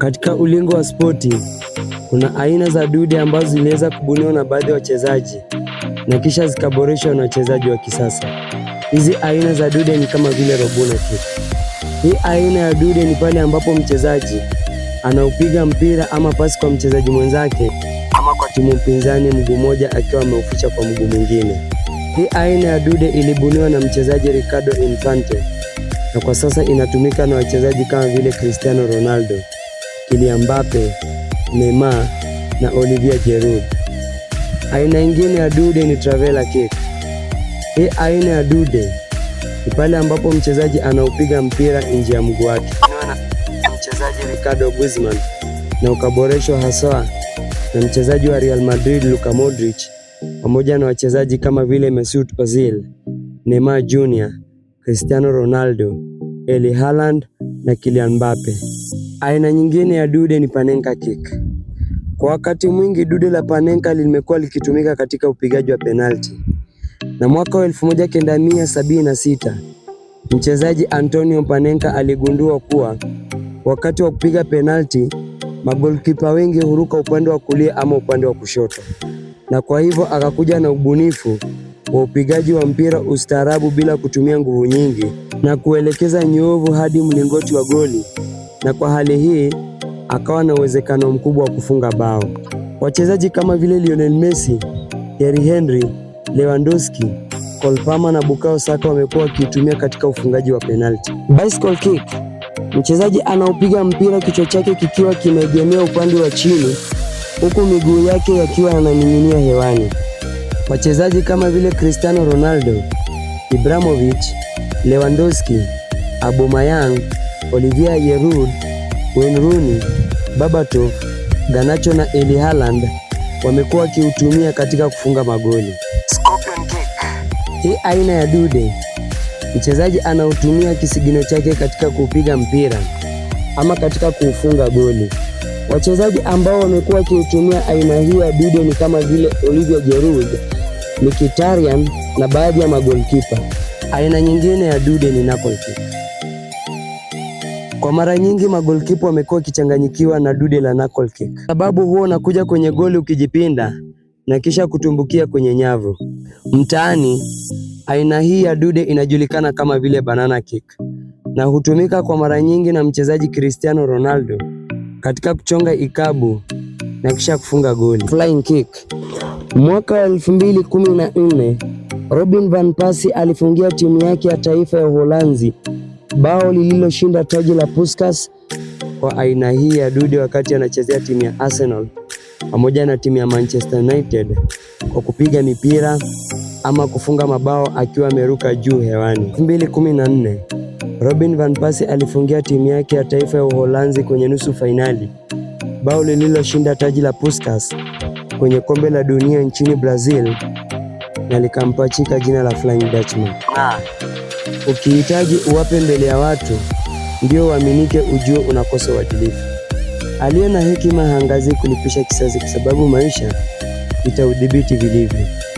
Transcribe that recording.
Katika ulingo wa spoti kuna aina za dude ambazo ziliweza kubuniwa na baadhi ya wachezaji na kisha zikaboreshwa na wachezaji wa kisasa. Hizi aina za dude ni kama vile robuna kick. Hii aina ya dude ni pale ambapo mchezaji anaupiga mpira ama pasi kwa mchezaji mwenzake ama kwa timu mpinzani, mguu mmoja akiwa ameuficha kwa mguu mwingine. Hii aina ya dude ilibuniwa na mchezaji Ricardo Infante na kwa sasa inatumika na wachezaji kama vile Cristiano Ronaldo. Kylian Mbappe, Neymar na Olivier Giroud. Aina nyingine ya dude ni traveler kick. Hii aina ya dude ni pale ambapo mchezaji anaupiga mpira nje ya mguu wake mchezaji Ricardo Guzman na ukaboreshwa haswa na mchezaji wa Real Madrid Luka Modric pamoja na wachezaji kama vile Mesut Ozil, Neymar Jr, Cristiano Ronaldo, eli Haaland na Kylian Mbappe. Aina nyingine ya dude ni panenka kick. Kwa wakati mwingi dude la panenka limekuwa likitumika katika upigaji wa penalti, na mwaka wa 1976 mchezaji Antonio Panenka aligundua kuwa wakati wa kupiga penalti magolkipa wengi huruka upande wa kulia ama upande wa kushoto, na kwa hivyo akakuja na ubunifu wa upigaji wa mpira ustaarabu bila kutumia nguvu nyingi na kuelekeza nyovu hadi mlingoti wa goli na kwa hali hii akawa na uwezekano mkubwa wa kufunga bao. Wachezaji kama vile Lionel Messi, Thierry Henry, Lewandowski, Cole Palmer na Bukayo Saka wamekuwa wakiitumia katika ufungaji wa penalti. Bicycle kick, mchezaji anaopiga mpira kichwa chake kikiwa kimeegemea upande wa chini huku miguu yake yakiwa yananing'inia hewani. Wachezaji kama vile Cristiano Ronaldo, Ibrahimovic, Lewandowski, Aubameyang Olivier Giroud, Wayne Rooney, Berbatov, Garnacho na eli Haaland wamekuwa wakiutumia katika kufunga magoli. Scorpion kick. Hii aina ya dude, mchezaji anautumia kisigino chake katika kupiga mpira ama katika kuufunga goli. Wachezaji ambao wamekuwa wakiutumia aina hii ya dude ni kama vile Olivier Giroud, Mkhitaryan na baadhi ya magolikipa. Aina nyingine ya dude ni knuckle kick. Kwa mara nyingi magolkipa wamekuwa wakichanganyikiwa na dude la knuckle kick, sababu huwa unakuja kwenye goli ukijipinda na kisha kutumbukia kwenye nyavu. Mtaani aina hii ya dude inajulikana kama vile banana kick na hutumika kwa mara nyingi na mchezaji Cristiano Ronaldo katika kuchonga ikabu na kisha kufunga goli. Flying kick. Mwaka wa 2014 Robin van Persie alifungia timu yake ya taifa ya Uholanzi bao lililoshinda taji la Puskas kwa aina hii ya Dudi wakati anachezea timu ya Arsenal pamoja na timu ya Manchester United kwa kupiga mipira ama kufunga mabao akiwa ameruka juu hewani. 2014 Robin van Persie alifungia timu yake ya taifa ya Uholanzi kwenye nusu fainali bao lililoshinda taji la Puskas kwenye kombe la dunia nchini Brazil na likampachika jina la Flying Dutchman. Ah. Ukihitaji uwape mbele ya watu ndio uaminike, ujue unakosa uadilifu. Aliye na hekima haangazi kulipisha kisasi, kwa sababu maisha itaudhibiti vilivyo.